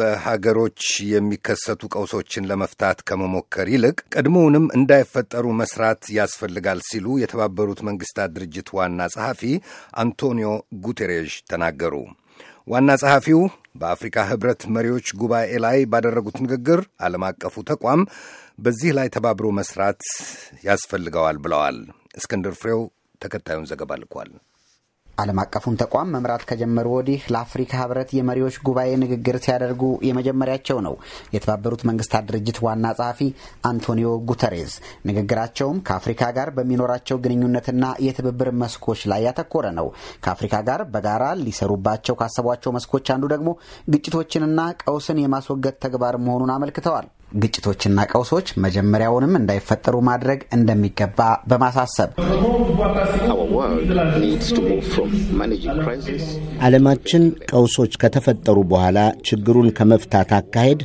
በሀገሮች የሚከሰቱ ቀውሶችን ለመፍታት ከመሞከር ይልቅ ቀድሞውንም እንዳይፈጠሩ መስራት ያስፈልጋል ሲሉ የተባበሩት መንግስታት ድርጅት ዋና ጸሐፊ አንቶኒዮ ጉቴሬዥ ተናገሩ። ዋና ጸሐፊው በአፍሪካ ህብረት መሪዎች ጉባኤ ላይ ባደረጉት ንግግር ዓለም አቀፉ ተቋም በዚህ ላይ ተባብሮ መስራት ያስፈልገዋል ብለዋል። እስክንድር ፍሬው ተከታዩን ዘገባ ልኳል። ዓለም አቀፉን ተቋም መምራት ከጀመሩ ወዲህ ለአፍሪካ ህብረት የመሪዎች ጉባኤ ንግግር ሲያደርጉ የመጀመሪያቸው ነው። የተባበሩት መንግስታት ድርጅት ዋና ጸሐፊ አንቶኒዮ ጉተሬዝ ንግግራቸውም ከአፍሪካ ጋር በሚኖራቸው ግንኙነትና የትብብር መስኮች ላይ ያተኮረ ነው። ከአፍሪካ ጋር በጋራ ሊሰሩባቸው ካሰቧቸው መስኮች አንዱ ደግሞ ግጭቶችንና ቀውስን የማስወገድ ተግባር መሆኑን አመልክተዋል። ግጭቶችና ቀውሶች መጀመሪያውንም እንዳይፈጠሩ ማድረግ እንደሚገባ በማሳሰብ ዓለማችን ቀውሶች ከተፈጠሩ በኋላ ችግሩን ከመፍታት አካሄድ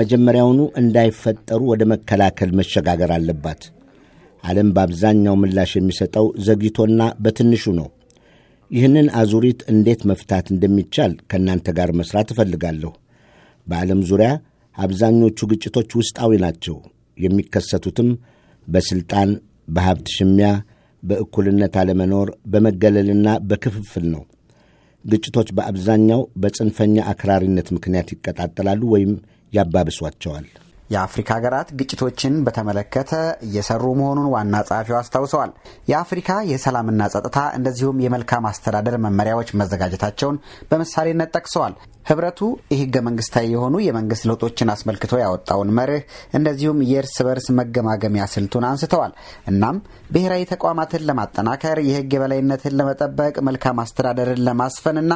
መጀመሪያውኑ እንዳይፈጠሩ ወደ መከላከል መሸጋገር አለባት። ዓለም በአብዛኛው ምላሽ የሚሰጠው ዘግይቶና በትንሹ ነው። ይህንን አዙሪት እንዴት መፍታት እንደሚቻል ከእናንተ ጋር መሥራት እፈልጋለሁ። በዓለም ዙሪያ አብዛኞቹ ግጭቶች ውስጣዊ ናቸው። የሚከሰቱትም በሥልጣን፣ በሀብት ሽሚያ፣ በእኩልነት አለመኖር፣ በመገለልና በክፍፍል ነው። ግጭቶች በአብዛኛው በጽንፈኛ አክራሪነት ምክንያት ይቀጣጠላሉ ወይም ያባብሷቸዋል። የአፍሪካ ሀገራት ግጭቶችን በተመለከተ እየሰሩ መሆኑን ዋና ጸሐፊው አስታውሰዋል። የአፍሪካ የሰላምና ጸጥታ እንደዚሁም የመልካም አስተዳደር መመሪያዎች መዘጋጀታቸውን በምሳሌነት ጠቅሰዋል። ህብረቱ የህገ መንግስታዊ የሆኑ የመንግስት ለውጦችን አስመልክቶ ያወጣውን መርህ እንደዚሁም የእርስ በርስ መገማገሚያ ስልቱን አንስተዋል። እናም ብሔራዊ ተቋማትን ለማጠናከር፣ የህግ የበላይነትን ለመጠበቅ፣ መልካም አስተዳደርን ለማስፈንና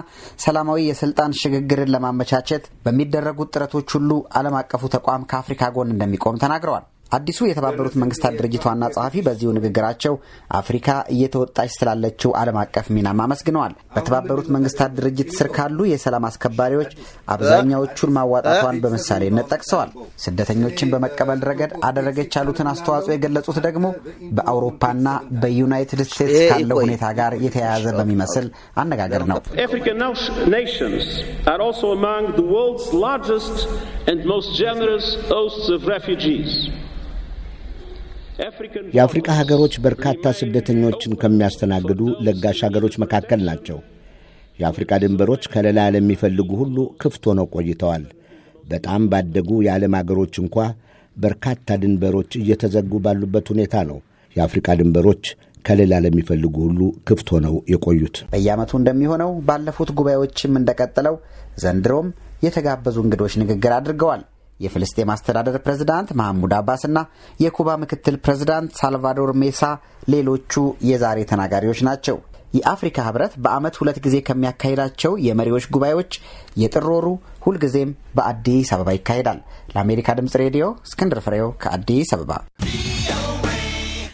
ሰላማዊ የስልጣን ሽግግርን ለማመቻቸት በሚደረጉት ጥረቶች ሁሉ ዓለም አቀፉ ተቋም ከአፍሪካ ጎን እንደሚቆም ተናግረዋል። አዲሱ የተባበሩት መንግስታት ድርጅት ዋና ጸሐፊ በዚሁ ንግግራቸው አፍሪካ እየተወጣች ስላለችው ዓለም አቀፍ ሚናም አመስግነዋል። በተባበሩት መንግስታት ድርጅት ስር ካሉ የሰላም አስከባሪዎች አብዛኛዎቹን ማዋጣቷን በምሳሌነት ጠቅሰዋል። ስደተኞችን በመቀበል ረገድ አደረገች ያሉትን አስተዋጽኦ የገለጹት ደግሞ በአውሮፓና በዩናይትድ ስቴትስ ካለው ሁኔታ ጋር የተያያዘ በሚመስል አነጋገር ነው። የአፍሪካ ሀገሮች በርካታ ስደተኞችን ከሚያስተናግዱ ለጋሽ ሀገሮች መካከል ናቸው። የአፍሪካ ድንበሮች ከለላ ለሚፈልጉ ሁሉ ክፍት ሆነው ቆይተዋል። በጣም ባደጉ የዓለም አገሮች እንኳ በርካታ ድንበሮች እየተዘጉ ባሉበት ሁኔታ ነው የአፍሪካ ድንበሮች ከሌላ ለሚፈልጉ ሁሉ ክፍት ሆነው የቆዩት። በየዓመቱ እንደሚሆነው ባለፉት ጉባኤዎችም እንደቀጠለው ዘንድሮም የተጋበዙ እንግዶች ንግግር አድርገዋል። የፍልስጤም አስተዳደር ፕሬዝዳንት መሐሙድ አባስና የኩባ ምክትል ፕሬዝዳንት ሳልቫዶር ሜሳ ሌሎቹ የዛሬ ተናጋሪዎች ናቸው። የአፍሪካ ህብረት በዓመት ሁለት ጊዜ ከሚያካሂዳቸው የመሪዎች ጉባኤዎች የጥር ወሩ ሁልጊዜም በአዲስ አበባ ይካሄዳል። ለአሜሪካ ድምፅ ሬዲዮ እስክንድር ፍሬው ከአዲስ አበባ